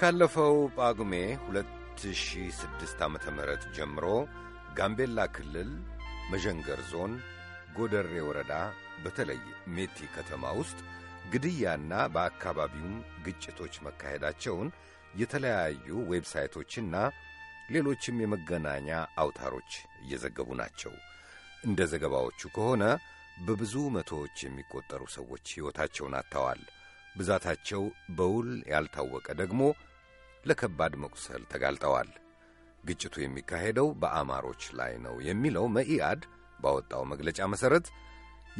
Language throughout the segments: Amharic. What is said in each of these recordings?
ካለፈው ጳጉሜ 2006 ዓ ም ጀምሮ ጋምቤላ ክልል መዠንገር ዞን ጎደሬ ወረዳ በተለይ ሜቲ ከተማ ውስጥ ግድያና በአካባቢውም ግጭቶች መካሄዳቸውን የተለያዩ ዌብሳይቶችና ሌሎችም የመገናኛ አውታሮች እየዘገቡ ናቸው። እንደ ዘገባዎቹ ከሆነ በብዙ መቶዎች የሚቆጠሩ ሰዎች ሕይወታቸውን አጥተዋል። ብዛታቸው በውል ያልታወቀ ደግሞ ለከባድ መቁሰል ተጋልጠዋል። ግጭቱ የሚካሄደው በአማሮች ላይ ነው የሚለው መኢአድ ባወጣው መግለጫ መሠረት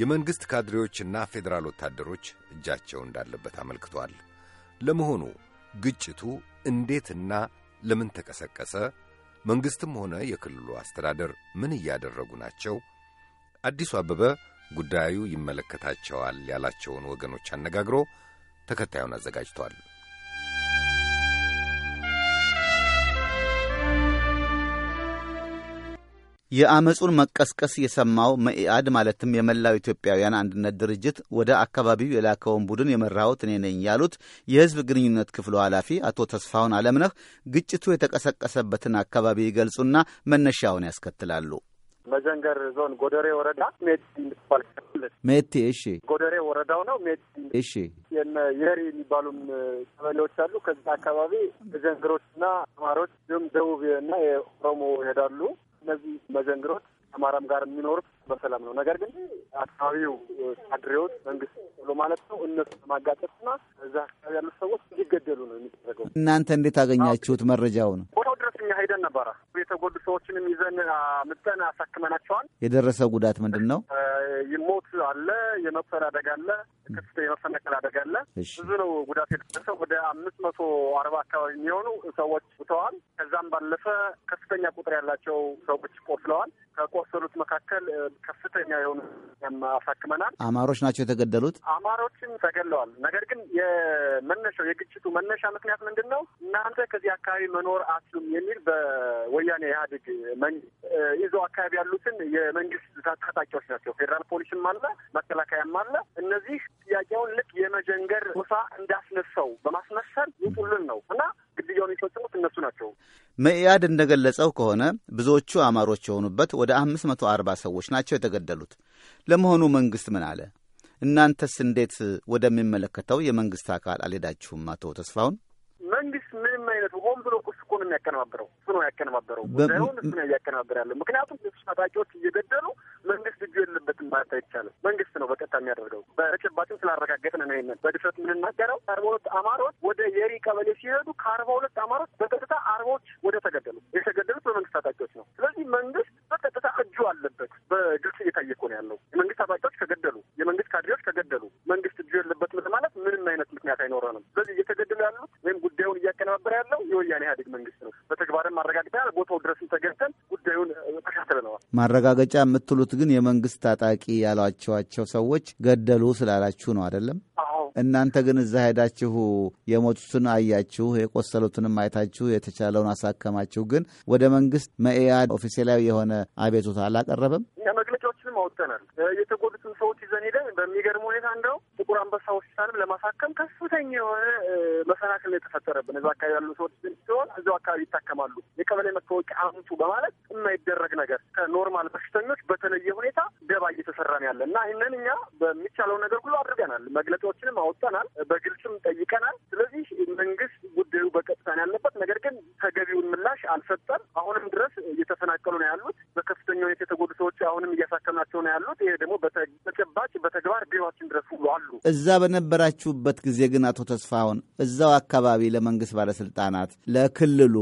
የመንግሥት ካድሬዎችና ፌዴራል ወታደሮች እጃቸው እንዳለበት አመልክቷል። ለመሆኑ ግጭቱ እንዴትና ለምን ተቀሰቀሰ? መንግሥትም ሆነ የክልሉ አስተዳደር ምን እያደረጉ ናቸው? አዲሱ አበበ ጉዳዩ ይመለከታቸዋል ያላቸውን ወገኖች አነጋግሮ ተከታዩን አዘጋጅቷል። የአመፁን መቀስቀስ የሰማው መኢአድ ማለትም የመላው ኢትዮጵያውያን አንድነት ድርጅት ወደ አካባቢው የላከውን ቡድን የመራሁት እኔ ነኝ ያሉት የሕዝብ ግንኙነት ክፍሉ ኃላፊ አቶ ተስፋውን አለምነህ ግጭቱ የተቀሰቀሰበትን አካባቢ ይገልጹና መነሻውን ያስከትላሉ። መዘንገር ዞን ጎደሬ ወረዳ ሜቲ የምትባል ሜቲ። እሺ፣ ጎደሬ ወረዳው ነው ሜቲ። እሺ፣ የነ የሪ የሚባሉም ቀበሌዎች አሉ። ከዚህ አካባቢ መዘንግሮችና ተማሪዎች እንዲሁም ደቡብ እና የኦሮሞ ይሄዳሉ። እነዚህ መዘንግሮች ከአማራም ጋር የሚኖሩት በሰላም ነው። ነገር ግን አካባቢው አድሬዎች መንግስት ብሎ ማለት ነው እነሱ ለማጋጨትና እዛ አካባቢ ያሉ ሰዎች እንዲገደሉ ነው የሚደረገው። እናንተ እንዴት አገኛችሁት መረጃውን? ቦታው ድረስ እኛ ሄደን ነበረ። የተጎዱ ሰዎችንም ይዘን ምጠን አሳክመናቸዋል። የደረሰ ጉዳት ምንድን ነው? ይሞት አለ፣ የመቁሰል አደጋ አለ፣ ከፍተ የመፈናቀል አደጋ አለ። ብዙ ነው ጉዳት የደረሰው። ወደ አምስት መቶ አርባ አካባቢ የሚሆኑ ሰዎች ውተዋል። ከዛም ባለፈ ከፍተኛ ቁጥር ያላቸው ሰዎች ቆስለዋል። ከቆሰሉት መካከል ከፍተኛ የሆኑ አሳክመናል። አማሮች ናቸው የተገደሉት። አማሮችም ተገለዋል። ነገር ግን የመነሻው የግጭቱ መነሻ ምክንያት ምንድን ነው? እናንተ ከዚህ አካባቢ መኖር አትሉም የሚል በወያኔ ኢህአዴግ ይዞ አካባቢ ያሉትን የመንግስት ታጣቂዎች ናቸው። ፌዴራል ፖሊስም አለ፣ መከላከያም አለ። እነዚህ ጥያቄውን ልክ የመጀንገር ጎሳ እንዳስነሳው በማስመሰል ይጡልን ነው እና ግድያውን የፈጸሙት እነሱ ናቸው። መኢአድ እንደገለጸው ከሆነ ብዙዎቹ አማሮች የሆኑበት ወደ አምስት መቶ አርባ ሰዎች ናቸው የተገደሉት። ለመሆኑ መንግስት ምን አለ? እናንተስ እንዴት ወደሚመለከተው የመንግስት አካል አልሄዳችሁም? አቶ ተስፋውን መንግስት ምንም አይነት ሆን ብሎ ቁስ እኮ ነው የሚያቀነባበረው። እሱ ነው ያቀነባበረው ጉዳዩን፣ እሱ ነው እያቀነባበረ ያለው። ምክንያቱም ብዙ ታጣቂዎች እየገደሉ መንግስት እጁ የለበትም ማለት አይቻልም። መንግስት ነው በቀጥታ የሚያደርገው። በተጨባጭም ስላረጋገጥን ነው ይሄንን በድፍረት የምንናገረው። አርባ ሁለት አማሮች ወደ የሪ ቀበሌ ሲሄዱ ከአርባ ሁለት አማሮች በቀጥታ አርቦች ወደ ተገደሉ። የተገደሉት በመንግስት ታጣቂዎች ነው። ስለዚህ መንግስት በቀጥታ እጁ አለበት። በግልጽ እየታየ እኮ ነው ያለው። የመንግስት ታጣቂዎች ተገደሉ። የመንግስት ካድሬዎች ተገደሉ። መንግስት አይነት ምክንያት አይኖረንም። ስለዚህ እየተገደሉ ያሉት ወይም ጉዳዩን እያቀነባበረ ያለው የወያኔ ኢህአዴግ መንግስት ነው። በተግባርም አረጋግጠናል። ቦታው ድረስም ተገብተን ጉዳዩን ተከታትለነዋል። ማረጋገጫ የምትሉት ግን የመንግስት ታጣቂ ያሏቸዋቸው ሰዎች ገደሉ ስላላችሁ ነው አይደለም? አዎ እናንተ ግን እዛ ሄዳችሁ የሞቱትን አያችሁ፣ የቆሰሉትንም አይታችሁ፣ የተቻለውን አሳከማችሁ። ግን ወደ መንግስት መኢአድ ኦፊሴላዊ የሆነ አቤቱታ አላቀረበም። መግለጫዎችንም አወጥተናል። የተጎዱትን ሰዎች ይዘን ሄደን በሚገርም ሁኔታ እንደው ጥቁር አንበሳ ሆስፒታልም ለማሳከም ከፍተኛ የሆነ መሰናክል የተፈጠረብን እዛ አካባቢ ያሉ ሰዎች ሲሆን እዛው አካባቢ ይታከማሉ። የቀበሌ መታወቂያ አምጡ በማለት የማይደረግ ነገር ከኖርማል በሽተኞች በተለየ ሁኔታ ምዝገባ እየተሰራን ያለ እና ይህንን እኛ በሚቻለው ነገር ሁሉ አድርገናል። መግለጫዎችንም አወጣናል፣ በግልጽም ጠይቀናል። ስለዚህ መንግስት ጉዳዩ በቀጥታን ያለበት ነገር ግን ተገቢውን ምላሽ አልሰጠም። አሁንም ድረስ እየተፈናቀሉ ነው ያሉት። በከፍተኛ ሁኔታ የተጎዱ ሰዎች አሁንም እያሳከምናቸው ነው ያሉት። ይሄ ደግሞ በተጨባጭ በተግባር ቢሮችን ድረስ ሁሉ አሉ። እዛ በነበራችሁበት ጊዜ ግን አቶ ተስፋሁን እዛው አካባቢ ለመንግስት ባለስልጣናት፣ ለክልሉ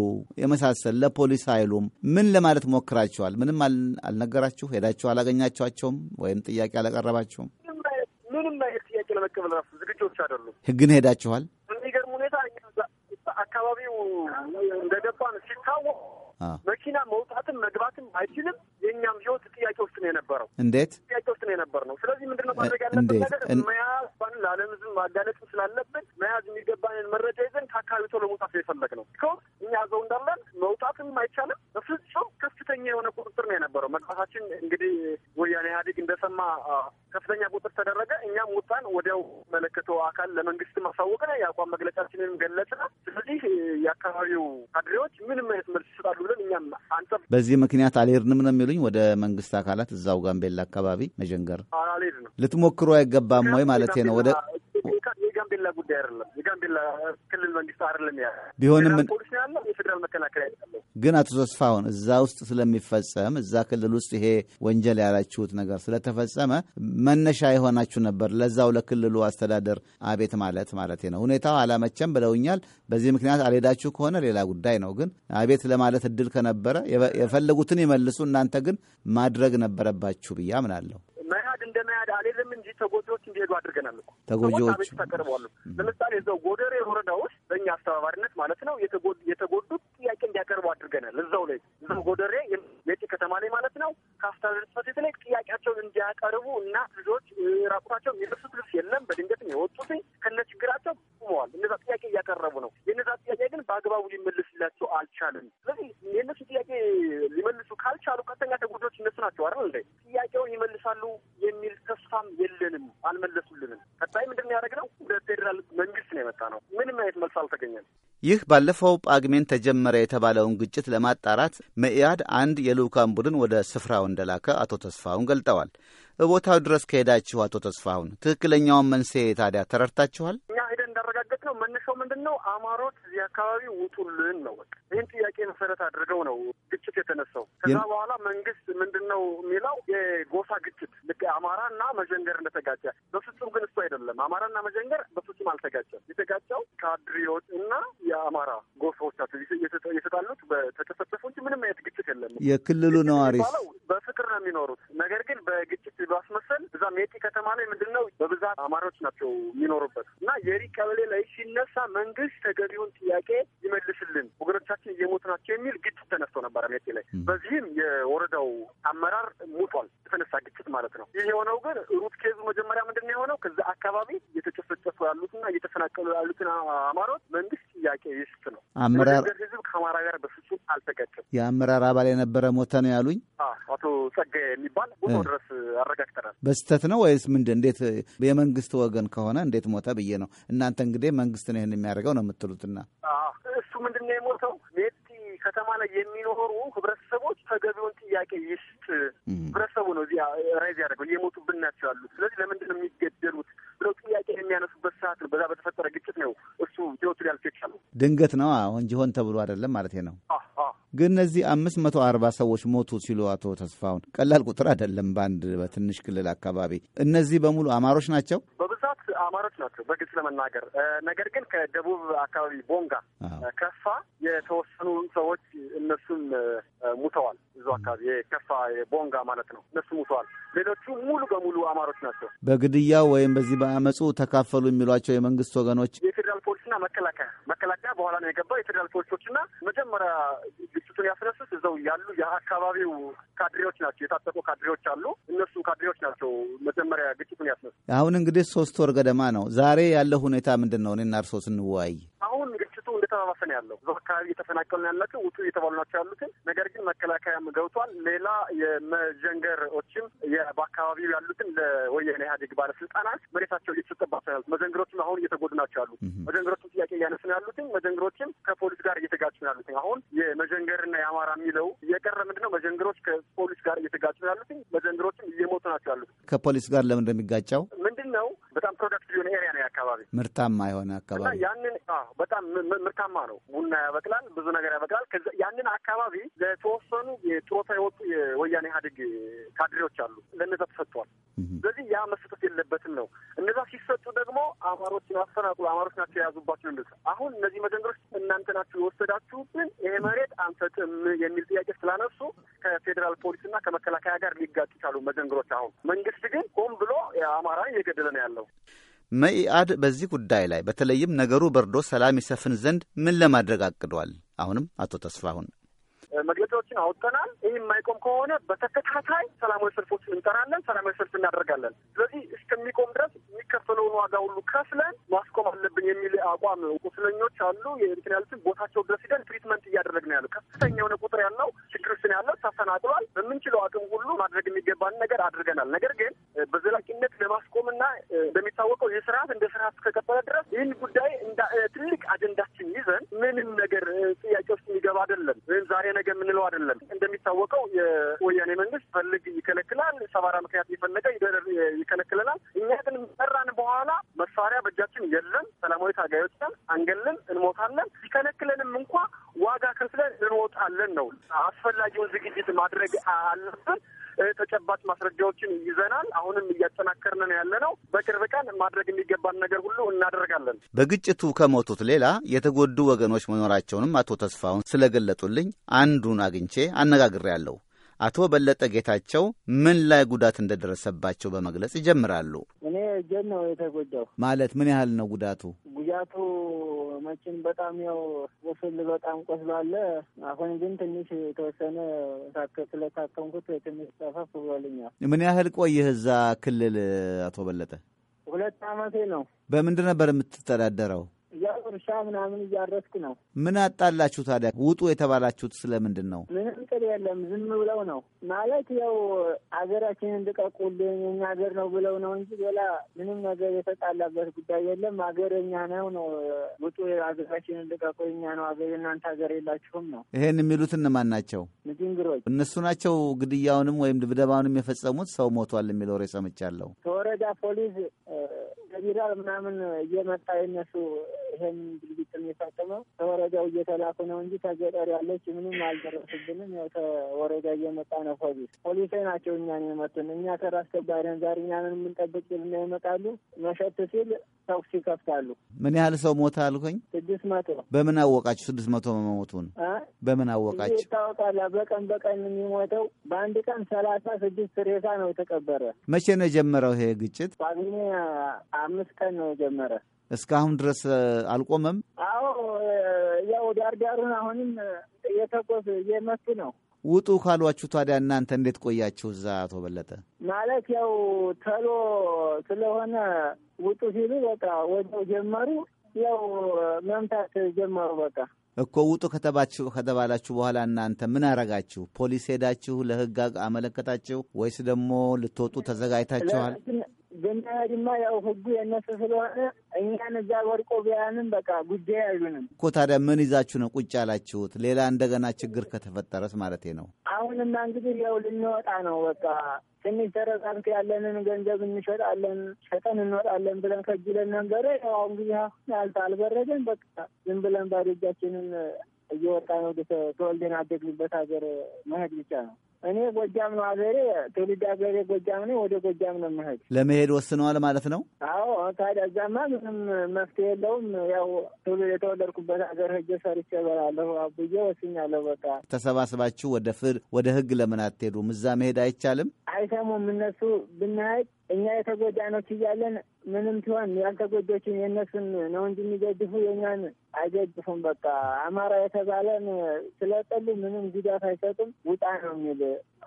የመሳሰል ለፖሊስ ኃይሉም ምን ለማለት ሞክራችኋል? ምንም አልነገራችሁ? ሄዳችሁ አላገኛችኋቸውም? ወይም ጥያቄ አላቀረባችሁም? ምንም አይነት ጥያቄ ለመቀበል ራሱ ዝግጆች አይደሉም። ህግን ሄዳችኋል? መኪና መውጣትም መግባትም አይችልም። የእኛም ህይወት ጥያቄ ውስጥ ነው የነበረው። እንዴት ጥያቄ ውስጥ ነው የነበር ነው። ስለዚህ ነው ማድረግ ያለበት ነገር መያዝ ባን ለዓለም ህዝብ ማጋለጥም ስላለብን መያዝ የሚገባንን መረጃ ይዘን ከአካባቢ ቶሎ መውጣት ነው የፈለግ ነው። ቢኮዝ እኛ ዘው እንዳለን መውጣትም አይቻልም። በፍጹም ከፍተኛ የሆነ ቁጥጥር ነው የነበረው። መግባታችን እንግዲህ ኢህአዴግ እንደሰማ ከፍተኛ ቁጥር ተደረገ። እኛም ውጣን ወዲያው መለከተው አካል ለመንግስት ማሳወቅ ነው የአቋም መግለጫችንንም ገለጽን። ስለዚህ የአካባቢው ካድሬዎች ምንም አይነት መልስ ይሰጣሉ ብለን እኛም አንጠብ። በዚህ ምክንያት አልሄድንም ነው የሚሉኝ ወደ መንግስት አካላት እዛው ጋምቤላ አካባቢ መጀንገር ነው ልትሞክሩ አይገባም ወይ ማለት ነው ወደ የጋምቤላ ጉዳይ አይደለም። የጋምቤላ ክልል መንግስት አይደለም። ያ ቢሆንም ፖሊስ ያለው የፌዴራል መከላከያ ግን አቶ ተስፋሁን እዛ ውስጥ ስለሚፈጸም እዛ ክልል ውስጥ ይሄ ወንጀል ያላችሁት ነገር ስለተፈጸመ መነሻ የሆናችሁ ነበር ለዛው ለክልሉ አስተዳደር አቤት ማለት ማለት ነው። ሁኔታው አላመቸም ብለውኛል። በዚህ ምክንያት አልሄዳችሁ ከሆነ ሌላ ጉዳይ ነው። ግን አቤት ለማለት እድል ከነበረ የፈለጉትን ይመልሱ፣ እናንተ ግን ማድረግ ነበረባችሁ ብዬ አምናለሁ። መያድ እንደ መያድ አልሄድም እንጂ ተጎጂዎች እንዲሄዱ አድርገናል እኮ ተጎጂዎች ተቀርበዋል። ለምሳሌ እዛው ጎደሬ ወረዳዎች በእኛ አስተባባሪነት ማለት ነው የተጎዱት ጥያቄ እንዲያቀርቡ አድርገናል። እዛው ላይ እዛው ጎደሬ የጤ ከተማ ላይ ማለት ነው ከአስተዳደር ጽሕፈት ቤት ላይ ጥያቄያቸውን እንዲያቀርቡ እና ልጆች ራቁታቸው የሚለብሱት ልብስ የለም በድንገትም የወጡትኝ ከነ ችግራቸው ቁመዋል። እነዛ ጥያቄ እያቀረቡ ነው። የነዛ ጥያቄ ግን በአግባቡ ሊመልስላቸው አልቻለም። ስለዚህ የእነሱ ጥያቄ ሊመልሱ ካልቻሉ ቀጥተኛ ተጎጆች እነሱ ናቸው አይደል እንዴ? ጥያቄውን ይመልሳሉ የሚል ተስፋም የለንም። አልመለሱልንም። ቀጣይ ምንድን ያደረግ ነው? ወደ ፌዴራል መንግስት ነው የመጣ ነው። ምንም አይነት መልስ አልተገኘም። ይህ ባለፈው ጳግሜን ተጀመረ የተባለውን ግጭት ለማጣራት መኢአድ አንድ የልዑካን ቡድን ወደ ስፍራው እንደላከ አቶ ተስፋሁን ገልጠዋል። በቦታው ድረስ ከሄዳችሁ አቶ ተስፋሁን ትክክለኛውን መንስኤ ታዲያ ተረድታችኋል? የሚያረጋግጥ ነው። መነሻው ምንድን ነው? አማሮች እዚህ አካባቢ ውጡልን ነው። በቃ ይህን ጥያቄ መሰረት አድርገው ነው ግጭት የተነሳው። ከዛ በኋላ መንግስት ምንድን ነው የሚለው የጎሳ ግጭት ልክ አማራና መጀንገር እንደተጋጨ፣ በፍጹም ግን እሱ አይደለም። አማራ አማራና መጀንገር በፍጹም አልተጋጨም። የተጋጨው ካድሬዎች እና የአማራ ጎሳዎች ናቸው የተጣሉት በተጨፈጨፉ እንጂ ምንም አይነት ግጭት የለም። የክልሉ ነዋሪ ነው የሚኖሩት። ነገር ግን በግጭት ባስመሰል እዛ የቲ ከተማ ላይ ምንድን ነው በብዛት አማሪዎች ናቸው የሚኖሩበት እና የሪ ቀበሌ ላይ ሲነሳ መንግስት ተገቢውን ጥያቄ ይመልስልን፣ ወገኖቻችን እየሞቱ ናቸው የሚል ግጭት ተነስቶ ነበረ ሜቴ ላይ። በዚህም የወረዳው አመራር ሙቷል፣ የተነሳ ግጭት ማለት ነው። ይህ የሆነው ግን ሩት ኬዙ መጀመሪያ ምንድን ነው የሆነው ከዛ አካባቢ እየተጨፈጨፉ ያሉትና እየተፈናቀሉ ያሉትን አማሮች መንግስት ጥያቄ ይስጥ ነው። አመራር ህዝብ ከአማራ ጋር በፍጹም አልተገጭም። የአመራር አባል የነበረ ሞተ ነው ያሉኝ አቶ ተዘረገ የሚባል ቦታ ድረስ አረጋግጠናል። በስተት ነው ወይስ ምንድን? እንዴት የመንግስት ወገን ከሆነ እንዴት ሞተ ብዬ ነው። እናንተ እንግዲህ መንግስት ነው ይህን የሚያደርገው ነው የምትሉትና እሱ ምንድን ነው የሞተው ሜቲ ከተማ ላይ የሚኖሩ ህብረተሰቦች ተገቢውን ጥያቄ ይስጥ። ህብረተሰቡ ነው እዚያ ራይዝ ያደርገው እየሞቱብን ናቸው ያሉት። ስለዚህ ለምንድን ነው የሚገደሉት ብለው ጥያቄ የሚያነሱበት ሰዓት ነው። በዛ በተፈጠረ ግጭት ነው እሱ ሊወቱ ሊያልፍ ይቻሉ ድንገት ነው እንጂ ሆን ተብሎ አይደለም ማለት ነው። ግን እነዚህ አምስት መቶ አርባ ሰዎች ሞቱ ሲሉ አቶ ተስፋውን ቀላል ቁጥር አይደለም። በአንድ በትንሽ ክልል አካባቢ እነዚህ በሙሉ አማሮች ናቸው። በብዛት አማሮች ናቸው በግልጽ ለመናገር ነገር ግን ከደቡብ አካባቢ ቦንጋ፣ ከፋ የተወሰኑ ሰዎች እነሱም ሙተዋል። እዙ አካባቢ የከፋ ቦንጋ ማለት ነው። እነሱ ሙተዋል። ሌሎቹ ሙሉ በሙሉ አማሮች ናቸው። በግድያው ወይም በዚህ በአመፁ ተካፈሉ የሚሏቸው የመንግስት ወገኖች መከላከያ መከላከያ በኋላ ነው የገባው። የፌዴራል ፖሊሶችና መጀመሪያ ግጭቱን ያስነሱት እዛው ያሉ የአካባቢው ካድሬዎች ናቸው። የታጠቁ ካድሬዎች አሉ። እነሱ ካድሬዎች ናቸው መጀመሪያ ግጭቱን ያስነሱት። አሁን እንግዲህ ሶስት ወር ገደማ ነው። ዛሬ ያለው ሁኔታ ምንድን ነው? እኔና እርሶ ስንወያይ እየተባባሰ ነው ያለው። ብዙ አካባቢ እየተፈናቀሉ ነው ያላቸው፣ ውጡ እየተባሉ ናቸው ያሉትን። ነገር ግን መከላከያም ገብቷል። ሌላ የመጀንገሮችም በአካባቢው ያሉትን ለወያኔ ኢህአዴግ ባለስልጣናት መሬታቸው እየተሰጠባቸው ያሉት መጀንገሮችም አሁን እየተጎዱ ናቸው ያሉት። መጀንገሮችም ጥያቄ እያነሱ ነው ያሉትን። መጀንገሮችም ከፖሊስ ጋር እየተጋጩ ነው ያሉትን። አሁን የመጀንገርና የአማራ የሚለው የቀረ ምንድነው? መጀንገሮች ከፖሊስ ጋር እየተጋጩ ነው ያሉትን። መጀንገሮችም እየሞቱ ናቸው ያሉት። ከፖሊስ ጋር ለምን እንደሚጋጫው ሂውማን ኤሪያ ነው አካባቢ ምርታማ የሆነ አካባቢ እና ያንን በጣም ምርታማ ነው። ቡና ያበቅላል፣ ብዙ ነገር ያበቅላል። ያንን አካባቢ ለተወሰኑ የጥሮታ የወጡ የወያኔ ኢህአዴግ ካድሬዎች አሉ፣ ለነዛ ተሰጥቷል። ስለዚህ ያ መሰጠት የለበትም ነው። እነዛ ሲሰጡ ደግሞ አማሮችን አፈናቅሉ፣ አማሮች ናቸው የያዙባቸው እንደዛ። አሁን እነዚህ መደንገሮች እናንተ ናችሁ የወሰዳችሁትን ይሄ መሬት አንሰጥም የሚል ጥያቄ ስላነሱ ከፌዴራል ፖሊስና ከመከላከያ ጋር ሊጋጭ ቻሉ መደንገሮች። አሁን መንግስት ግን ቆም ብሎ አማራን እየገደለ ነው ያለው። መኢአድ በዚህ ጉዳይ ላይ በተለይም ነገሩ በርዶ ሰላም ይሰፍን ዘንድ ምን ለማድረግ አቅዷል? አሁንም አቶ ተስፋሁን መግለጫዎችን አውጥተናል። ይህ የማይቆም ከሆነ በተከታታይ ሰላማዊ ሰልፎችን እንጠራለን፣ ሰላማዊ ሰልፍ እናደርጋለን። ስለዚህ እስከሚቆም ድረስ የሚከፈለውን ዋጋ ሁሉ ከፍለን ማስቆም አለብን የሚል አቋም ነው። ቁስለኞች አሉ። የእንትን ያሉትን ቦታቸው ድረስ ሂደን ትሪትመንት እያደረግን ያሉ ከፍተኛ የሆነ ቁጥር ያለው ችግር ውስጥ ያለው ተፈናቅሏል። በምንችለው አቅም ሁሉ ማድረግ የሚገባን ነገር አድርገናል። ነገር ግን እንደሚታወቀው ይህ ስርዓት እንደ ስርዓት እስከቀጠለ ድረስ ይህን ጉዳይ ትልቅ አጀንዳችን ይዘን ምንም ነገር ጥያቄ ውስጥ የሚገባ አይደለም፣ ወይም ዛሬ ነገ የምንለው አይደለም። እንደሚታወቀው የወያኔ መንግስት ፈልግ ይከለክላል፣ ሰባራ ምክንያት እየፈለገ ይከለክለናል። እኛ ግን ጠራን በኋላ መሳሪያ በእጃችን የለም፣ ሰላማዊ ታጋዮችን አንገልም፣ እንሞታለን አስፈላጊውን ዝግጅት ማድረግ አለብን። ተጨባጭ ማስረጃዎችን ይዘናል። አሁንም እያጠናከርን ነው ያለነው። በቅርብ ቀን ማድረግ የሚገባን ነገር ሁሉ እናደርጋለን። በግጭቱ ከሞቱት ሌላ የተጎዱ ወገኖች መኖራቸውንም አቶ ተስፋውን ስለገለጡልኝ አንዱን አግኝቼ አነጋግሬያለሁ። አቶ በለጠ ጌታቸው ምን ላይ ጉዳት እንደደረሰባቸው በመግለጽ ይጀምራሉ። እኔ እጄን ነው የተጎዳው። ማለት ምን ያህል ነው ጉዳቱ? ጉዳቱ መቼም በጣም ያው ቁስል በጣም ቆስሏል። አሁን ግን ትንሽ የተወሰነ ስለታከምኩት ትንሽ ጠፈፍ ብሎልኛል። ምን ያህል ቆየህ እዛ ክልል አቶ በለጠ? ሁለት አመቴ ነው። በምንድን ነበር የምትተዳደረው? ያው እርሻ ምናምን እያረስኩ ነው። ምን አጣላችሁ ታዲያ? ውጡ የተባላችሁት ስለምንድን ነው? ምንም ጥል የለም። ዝም ብለው ነው ማለት ያው ሀገራችንን ልቀቁልን የኛ ሀገር ነው ብለው ነው እንጂ ሌላ ምንም ነገር የተጣላበት ጉዳይ የለም። ሀገር የኛ ነው ነው ውጡ፣ ሀገራችንን ልቀቁ፣ እኛ ነው ሀገር፣ እናንተ ሀገር የላችሁም ነው። ይሄን የሚሉት እነማን ናቸው? ምጅንግሮች እነሱ ናቸው። ግድያውንም ወይም ድብደባውንም የፈጸሙት ሰው ሞቷል የሚለው ሬ ሰምቻለሁ። ከወረዳ ፖሊስ ከፌዴራል ምናምን እየመጣ የነሱ ይህን ድርጊት የሚፈጽመው ከወረዳው እየተላኩ ነው እንጂ ከገጠር ያለች ምንም አልደረስብንም። ያው ከወረዳ እየመጣ ነው ፖሊስ ፖሊሴ ናቸው እኛን የመቱን። እኛ ከራ አስከባሪን ዛሬ እኛንን የምንጠብቅ ሲልና ይመጣሉ። መሸት ሲል ተኩስ ይከፍታሉ። ምን ያህል ሰው ሞተ አልኩኝ? ስድስት መቶ በምን አወቃችሁ? ስድስት መቶ መሞቱን በምን አወቃችሁ? ይታወቃላ። በቀን በቀን የሚሞተው በአንድ ቀን ሰላሳ ስድስት ሬሳ ነው የተቀበረ። መቼ ነው የጀመረው ይሄ ግጭት? ጳጉሜ አምስት ቀን ነው የጀመረ። እስካሁን ድረስ አልቆመም። አዎ ያው ዳርዳሩን አሁንም እየተቆስ እየመቱ ነው። ውጡ ካሏችሁ ታዲያ እናንተ እንዴት ቆያችሁ እዛ? አቶ በለጠ ማለት ያው ተሎ ስለሆነ ውጡ ሲሉ በቃ ወደው ጀመሩ። ያው መምታት ጀመሩ። በቃ እኮ ውጡ ከተባችሁ ከተባላችሁ በኋላ እናንተ ምን አረጋችሁ? ፖሊስ ሄዳችሁ ለህግ አመለከታችሁ ወይስ ደግሞ ልትወጡ ተዘጋጅታችኋል? ብንሄድማ ያው ህጉ የነሱ ስለሆነ እኛን እዛ ወርቆ ቢያንም በቃ ጉዳይ አይሉንም እኮ። ታዲያ ምን ይዛችሁ ነው ቁጭ ያላችሁት? ሌላ እንደገና ችግር ከተፈጠረስ ማለት ነው። አሁንማ እንግዲህ ያው ልንወጣ ነው በቃ ትንሽ ተረጋግተን ያለንን ገንዘብ እንሸጣለን ሸጠን እንወጣለን ብለን ከጅለን ነበረ። ያው እንግዲህ አልበረደን በቃ ዝም ብለን ባዶ እጃችንን እየወጣ ነው። ተወልደን አደግንበት ሀገር መሄድ ብቻ ነው። እኔ ጎጃም ነው ሀገሬ፣ ትውልድ ሀገሬ ጎጃም ነው። ወደ ጎጃም ነው መሄድ ለመሄድ ወስነዋል ማለት ነው። አዎ ታዲያ እዛማ ምንም መፍትሄ የለውም። ያው ትውልድ የተወለድኩበት ሀገር ህጀ ሰርቼ እበላለሁ አብዬ ወስኛለሁ። በቃ ተሰባስባችሁ ወደ ፍር ወደ ህግ ለምን አትሄዱም? እዛ መሄድ አይቻልም? አይሰሙም እነሱ ብንሄድ እኛ የተጎዳኖች እያለን ምንም ሲሆን ያልተጎጆችን የእነሱን ነው እንጂ የሚገድፉ የእኛን አይገድፉም። በቃ አማራ የተባለን ስለጠሉ ምንም ጉዳት አይሰጡም። ውጣ ነው የሚል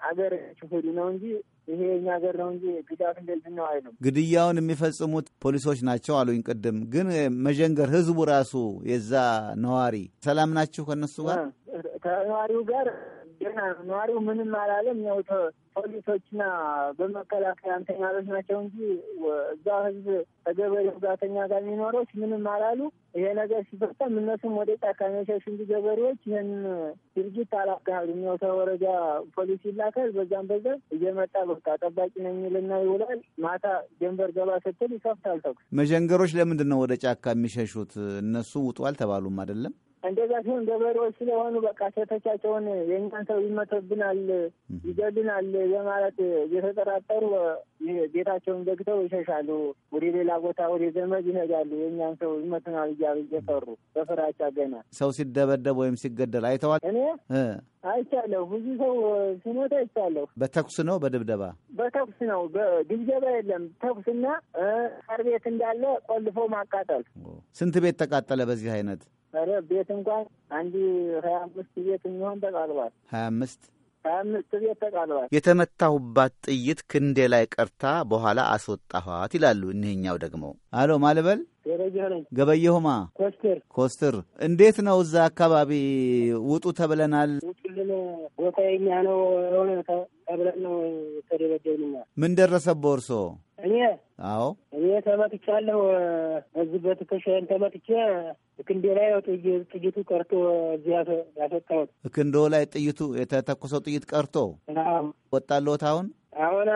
አገር ችሁዱ ነው እንጂ ይሄ የኛ ሀገር ነው እንጂ ጉዳት እንደዚህ ነው አይሉም። ግድያውን የሚፈጽሙት ፖሊሶች ናቸው አሉኝ ቅድም። ግን መጀንገር ህዝቡ ራሱ የዛ ነዋሪ ሰላም ናችሁ ከእነሱ ጋር ከነዋሪው ጋር ገና ነዋሪው ምንም አላለም። ያው ፖሊሶችና በመከላከያ እንትን ያሉት ናቸው እንጂ እዛ ህዝብ ከገበሬው ጋተኛ ጋር የሚኖረች ምንም አላሉ። ይሄ ነገር ሲፈጸም እነሱም ወደ ጫካ መሸሽ እንጂ ገበሬዎች ይህን ድርጊት አላካሄዱም። ያው ተወረዳ ፖሊስ ይላካል። በዛም በዛ እየመጣ በቃ ጠባቂ ነው የሚልና ይውላል። ማታ ጀንበር ገባ ስትል ይከፍታል ተኩስ። መጀንገሮች ለምንድን ነው ወደ ጫካ የሚሸሹት? እነሱ ውጡ አልተባሉም አይደለም እንደዛ ሲሆን ገበሬዎች ስለሆኑ በቃ ሴቶቻቸውን የእኛን ሰው ይመተብናል፣ ይገድናል በማለት እየተጠራጠሩ ቤታቸውን ዘግተው ይሸሻሉ። ወደ ሌላ ቦታ ወደ ዘመድ ይሄዳሉ። የእኛን ሰው ይመትናል እያሉ እየፈሩ በፍራቻ ገና ሰው ሲደበደብ ወይም ሲገደል አይተዋል። እኔ አይቻለሁ። ብዙ ሰው ሲሞት አይቻለሁ። በተኩስ ነው በድብደባ በተኩስ ነው። ድብደባ የለም ተኩስና ሳር ቤት እንዳለ ቆልፎ ማቃጠል። ስንት ቤት ተቃጠለ በዚህ አይነት ኧረ ቤት እንኳን አንድ ሀያ አምስት ቤት የሚሆን ተቃጥሏል። ሀያ አምስት ሀያ አምስት ቤት ተቃጥሏል። የተመታሁባት ጥይት ክንዴ ላይ ቀርታ በኋላ አስወጣኋት ይላሉ እኒህኛው ደግሞ። አሎ ማልበል ገበየሁማ ኮስትር ኮስትር፣ እንዴት ነው እዛ አካባቢ? ውጡ ተብለናል፣ ውጡልን፣ ቦታ የኛ ነው ሆነ ተብለን ነው የተደበደብንኛ። ምን ደረሰቦ እርሶ? እኔ አዎ እኔ ተመትቻለሁ። እዚህ በትከሻዬን ተመትቼ እክንዴ ላይ ጥይቱ ቀርቶ እዚህ ያፈጣሁት እክንዶ ላይ ጥይቱ የተተኮሰው ጥይት ቀርቶ ወጣለሁት። አሁን አሁን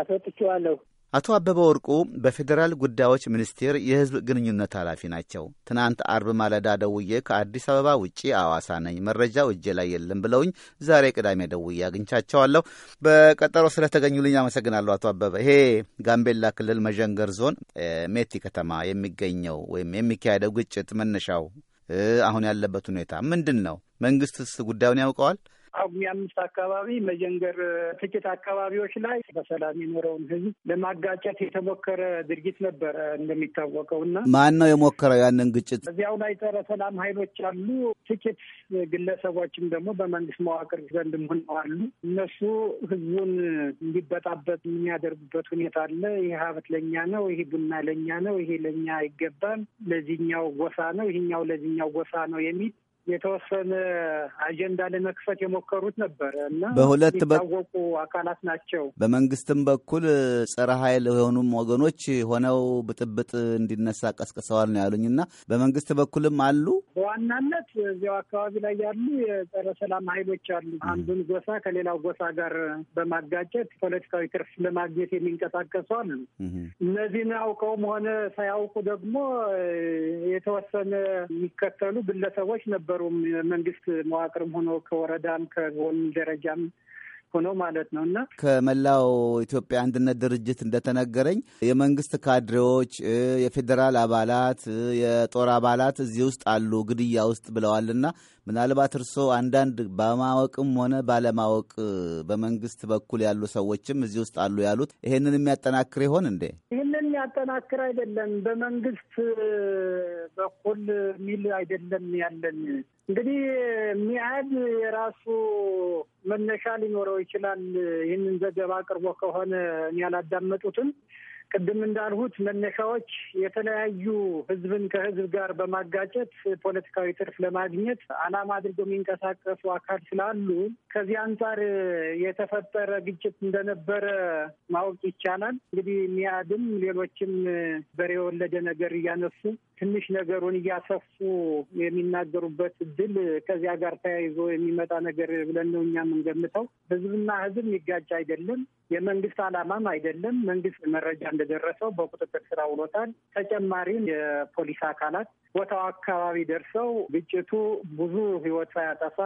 አስወጥቼዋለሁ። አቶ አበበ ወርቁ በፌዴራል ጉዳዮች ሚኒስቴር የህዝብ ግንኙነት ኃላፊ ናቸው። ትናንት አርብ ማለዳ ደውዬ ከአዲስ አበባ ውጪ አዋሳ ነኝ፣ መረጃው እጄ ላይ የለም ብለውኝ ዛሬ ቅዳሜ ደውዬ አግኝቻቸዋለሁ። በቀጠሮ ስለተገኙልኝ አመሰግናለሁ አቶ አበበ። ይሄ ጋምቤላ ክልል መዠንገር ዞን ሜቲ ከተማ የሚገኘው ወይም የሚካሄደው ግጭት መነሻው አሁን ያለበት ሁኔታ ምንድን ነው? መንግስትስ ጉዳዩን ያውቀዋል? ጳጉሜ አምስት አካባቢ መጀንገር ጥቂት አካባቢዎች ላይ በሰላም የኖረውን ህዝብ ለማጋጨት የተሞከረ ድርጊት ነበረ እንደሚታወቀው እና ማን ነው የሞከረው ያንን ግጭት? እዚያው ላይ ጸረ ሰላም ኃይሎች አሉ። ጥቂት ግለሰቦችም ደግሞ በመንግስት መዋቅር ዘንድም ሆነው አሉ። እነሱ ህዝቡን እንዲበጣበጥ የሚያደርጉበት ሁኔታ አለ። ይህ ሀብት ለእኛ ነው፣ ይህ ቡና ለእኛ ነው፣ ይሄ ለእኛ አይገባም፣ ለዚህኛው ጎሳ ነው፣ ይሄኛው ለዚህኛው ጎሳ ነው የሚል የተወሰነ አጀንዳ ለመክፈት የሞከሩት ነበር እና በሁለት የታወቁ አካላት ናቸው። በመንግስትም በኩል ጸረ ኃይል የሆኑም ወገኖች ሆነው ብጥብጥ እንዲነሳ ቀስቅሰዋል ነው ያሉኝ። እና በመንግስት በኩልም አሉ። በዋናነት እዚያው አካባቢ ላይ ያሉ የጸረ ሰላም ኃይሎች አሉ። አንዱን ጎሳ ከሌላው ጎሳ ጋር በማጋጨት ፖለቲካዊ ትርፍ ለማግኘት የሚንቀሳቀሱ አሉ። እነዚህን አውቀውም ሆነ ሳያውቁ ደግሞ የተወሰነ የሚከተሉ ግለሰቦች ነበ የነበሩም የመንግስት መዋቅርም ሆኖ ከወረዳም ከጎን ደረጃም ሆኖ ማለት ነው እና ከመላው ኢትዮጵያ አንድነት ድርጅት እንደተነገረኝ የመንግስት ካድሬዎች፣ የፌዴራል አባላት፣ የጦር አባላት እዚህ ውስጥ አሉ ግድያ ውስጥ ብለዋልና ምናልባት እርስዎ አንዳንድ በማወቅም ሆነ ባለማወቅ በመንግስት በኩል ያሉ ሰዎችም እዚህ ውስጥ አሉ ያሉት ይሄንን የሚያጠናክር ይሆን እንዴ? የሚያጠናክር አይደለም። በመንግስት በኩል ሚል አይደለም ያለን። እንግዲህ ሚያድ የራሱ መነሻ ሊኖረው ይችላል። ይህንን ዘገባ አቅርቦ ከሆነ ያላዳመጡትም ቅድም እንዳልሁት መነሻዎች የተለያዩ ህዝብን ከህዝብ ጋር በማጋጨት ፖለቲካዊ ትርፍ ለማግኘት አላማ አድርገው የሚንቀሳቀሱ አካል ስላሉ ከዚህ አንጻር የተፈጠረ ግጭት እንደነበረ ማወቅ ይቻላል። እንግዲህ ሚያድም ሌሎችም በሬ የወለደ ነገር እያነሱ ትንሽ ነገሩን እያሰፉ የሚናገሩበት እድል ከዚያ ጋር ተያይዞ የሚመጣ ነገር ብለን ነው እኛ የምንገምተው። ህዝብና ህዝብ የሚጋጭ አይደለም። የመንግስት ዓላማም አይደለም። መንግስት መረጃ እንደደረሰው በቁጥጥር ስራ ውሎታል። ተጨማሪም የፖሊስ አካላት ቦታው አካባቢ ደርሰው ግጭቱ ብዙ ህይወት ሳያጠፋ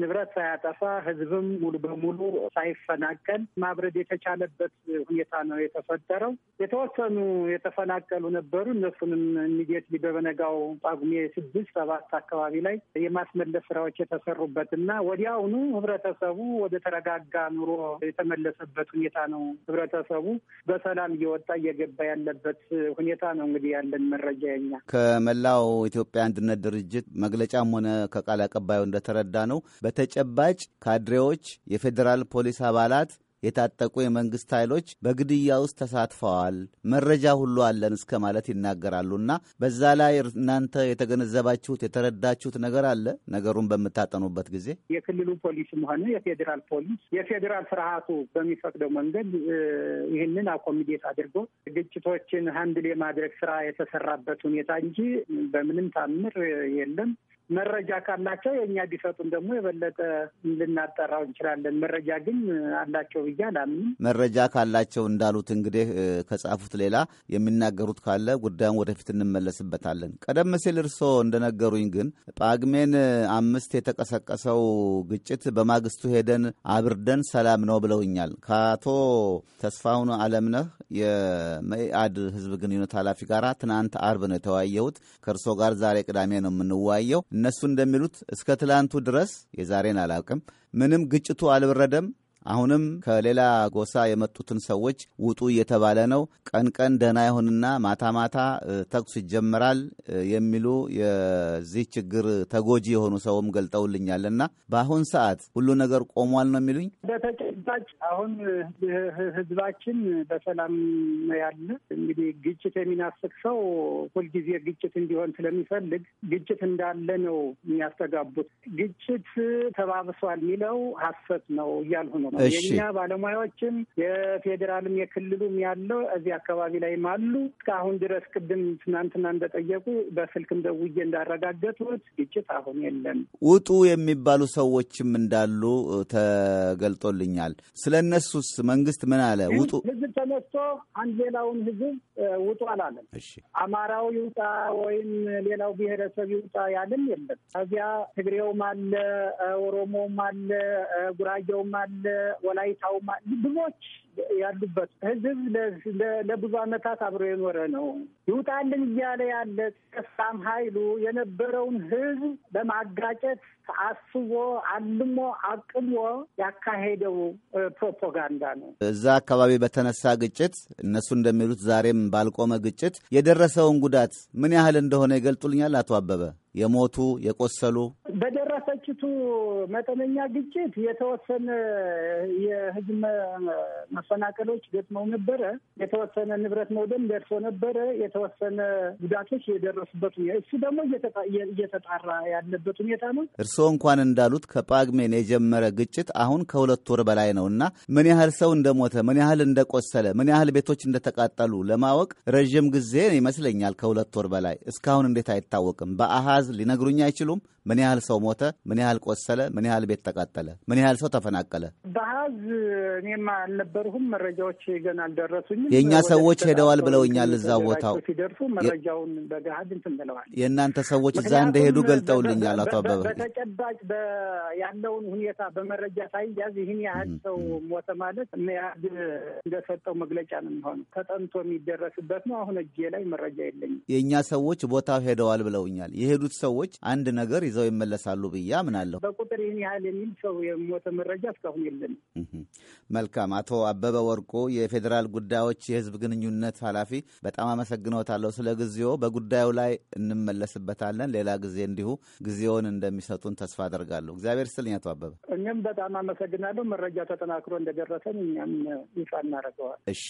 ንብረት ሳያጠፋ ህዝብም ሙሉ በሙሉ ሳይፈናቀል ማብረድ የተቻለበት ሁኔታ ነው የተፈጠረው። የተወሰኑ የተፈናቀሉ ነበሩ። እነሱንም ኢሚዲየትሊ በበነጋው ጳጉሜ ስድስት ሰባት አካባቢ ላይ የማስመለስ ስራዎች የተሰሩበት እና ወዲያውኑ ህብረተሰቡ ወደ ተረጋጋ ኑሮ የተመለሰበት ሁኔታ ነው። ህብረተሰቡ በሰላም እየወጣ እየገባ ያለበት ሁኔታ ነው። እንግዲህ ያለን መረጃ የኛ ከመላው ኢትዮጵያ አንድነት ድርጅት መግለጫም ሆነ ከቃል አቀባዩ እንደተረዳ ነው በተጨባጭ ካድሬዎች፣ የፌዴራል ፖሊስ አባላት የታጠቁ የመንግስት ኃይሎች በግድያ ውስጥ ተሳትፈዋል፣ መረጃ ሁሉ አለን እስከ ማለት ይናገራሉና በዛ ላይ እናንተ የተገነዘባችሁት የተረዳችሁት ነገር አለ? ነገሩን በምታጠኑበት ጊዜ የክልሉ ፖሊስም ሆነ የፌዴራል ፖሊስ የፌዴራል ስርዓቱ በሚፈቅደው መንገድ ይህንን አኮሚዴት አድርጎ ግጭቶችን ሀንድል የማድረግ ስራ የተሰራበት ሁኔታ እንጂ በምንም ታምር የለም መረጃ ካላቸው የእኛ ቢሰጡን ደግሞ የበለጠ ልናጠራው እንችላለን። መረጃ ግን አላቸው ብዬ አላምንም። መረጃ ካላቸው እንዳሉት እንግዲህ ከጻፉት ሌላ የሚናገሩት ካለ ጉዳዩን ወደፊት እንመለስበታለን። ቀደም ሲል እርስዎ እንደነገሩኝ ግን ጳግሜን አምስት የተቀሰቀሰው ግጭት በማግስቱ ሄደን አብርደን ሰላም ነው ብለውኛል። ከአቶ ተስፋሁን አለምነህ የመኢአድ ህዝብ ግንኙነት ኃላፊ ጋር ትናንት አርብ ነው የተወያየሁት። ከእርስዎ ጋር ዛሬ ቅዳሜ ነው የምንወያየው። እነሱ እንደሚሉት እስከ ትላንቱ ድረስ የዛሬን አላውቅም፣ ምንም ግጭቱ አልበረደም፣ አሁንም ከሌላ ጎሳ የመጡትን ሰዎች ውጡ እየተባለ ነው። ቀን ቀን ደህና ይሁንና ማታ ማታ ተኩስ ይጀመራል የሚሉ የዚህ ችግር ተጎጂ የሆኑ ሰውም ገልጠውልኛል። በአሁን ሰዓት ሁሉ ነገር ቆሟል ነው የሚሉኝ። በተጨባጭ አሁን ህዝባችን በሰላም ያለ እንግዲህ ግጭት የሚናፍቅ ሰው ሁልጊዜ ግጭት እንዲሆን ስለሚፈልግ ግጭት እንዳለ ነው የሚያስተጋቡት። ግጭት ተባብሷል የሚለው ሀሰት ነው እያልሁ ነው ነው። የእኛ ባለሙያዎችም የፌዴራልም የክልሉም ያለው እዚህ አካባቢ ላይም አሉ። እስካሁን ድረስ ቅድም ትናንትና እንደጠየቁ በስልክም ደውዬ እንዳረጋገጡት ግጭት አሁን የለም። ውጡ የሚባሉ ሰዎችም እንዳሉ ተገልጦልኛል። ስለ እነሱስ መንግስት ምን አለ? ውጡ ህዝብ ተነስቶ አንድ ሌላውን ህዝብ ውጡ አላለም። አማራው ይውጣ ወይም ሌላው ብሔረሰብ ይውጣ ያለም የለም። ከዚያ ትግሬውም አለ፣ ኦሮሞም አለ፣ ጉራጌውም አለ ወላይታውማ ብዙዎች ያሉበት ህዝብ ለብዙ ዓመታት አብሮ የኖረ ነው። ይውጣልን እያለ ያለ ተስፋም ኃይሉ የነበረውን ህዝብ በማጋጨት አስቦ አልሞ አቅሞ ያካሄደው ፕሮፓጋንዳ ነው። እዛ አካባቢ በተነሳ ግጭት እነሱ እንደሚሉት ዛሬም ባልቆመ ግጭት የደረሰውን ጉዳት ምን ያህል እንደሆነ ይገልጡልኛል አቶ አበበ? የሞቱ የቆሰሉ በደረሰችቱ መጠነኛ ግጭት የተወሰነ የህዝብ መፈናቀሎች ገጥመው ነበረ። የተወሰነ ንብረት መውደም ደርሶ ነበረ። የተወሰነ ጉዳቶች የደረሱበት እሱ ደግሞ እየተጣራ ያለበት ሁኔታ ነው። እርስዎ እንኳን እንዳሉት ከጳግሜን የጀመረ ግጭት አሁን ከሁለት ወር በላይ ነው እና ምን ያህል ሰው እንደሞተ፣ ምን ያህል እንደቆሰለ፣ ምን ያህል ቤቶች እንደተቃጠሉ ለማወቅ ረዥም ጊዜ ይመስለኛል። ከሁለት ወር በላይ እስካሁን እንዴት አይታወቅም? በአሃዝ ሊነግሩኝ አይችሉም? ምን ያህል ሰው ሞተ፣ ምን ያህል ቆሰለ፣ ምን ያህል ቤት ተቃጠለ፣ ምን ያህል ሰው ተፈናቀለ? በአዝ እኔም አልነበርሁም፣ መረጃዎች ገና አልደረሱኝም። የእኛ ሰዎች ሄደዋል ብለውኛል። እዛ ቦታው ሲደርሱ መረጃውን በገሃድ እንትን ብለዋል። የእናንተ ሰዎች እዛ እንደሄዱ ገልጠውልኛል። አቶ አበበ በተጨባጭ ያለውን ሁኔታ በመረጃ ሳይያዝ ይህን ያህል ሰው ሞተ ማለት እነ ያህል እንደሰጠው መግለጫ ነው የሚሆነው። ተጠንቶ የሚደረስበት ነው። አሁን እጄ ላይ መረጃ የለኝም። የእኛ ሰዎች ቦታው ሄደዋል ብለውኛል። የሄዱት ሰዎች አንድ ነገር ይዘው ይመለሳሉ ብዬ አምናለሁ። በቁጥር ይህን ያህል የሚል ሰው የሞተ መረጃ እስካሁን የለም። መልካም። አቶ አበበ ወርቁ የፌዴራል ጉዳዮች የህዝብ ግንኙነት ኃላፊ፣ በጣም አመሰግኖታለሁ ስለ ጊዜው። በጉዳዩ ላይ እንመለስበታለን። ሌላ ጊዜ እንዲሁ ጊዜውን እንደሚሰጡን ተስፋ አደርጋለሁ። እግዚአብሔር ስልኝ አቶ አበበ። እኛም በጣም አመሰግናለሁ። መረጃ ተጠናክሮ እንደደረሰን እኛም ይፋ እናደርገዋል። እሺ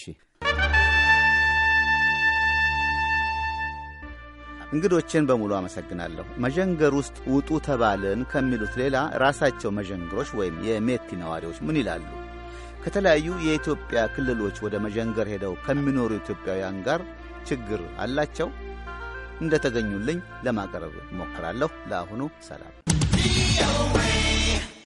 እንግዶችን በሙሉ አመሰግናለሁ። መዠንገር ውስጥ ውጡ ተባልን ከሚሉት ሌላ ራሳቸው መዠንገሮች ወይም የሜቲ ነዋሪዎች ምን ይላሉ? ከተለያዩ የኢትዮጵያ ክልሎች ወደ መዠንገር ሄደው ከሚኖሩ ኢትዮጵያውያን ጋር ችግር አላቸው? እንደተገኙልኝ ለማቅረብ እሞክራለሁ። ለአሁኑ ሰላም።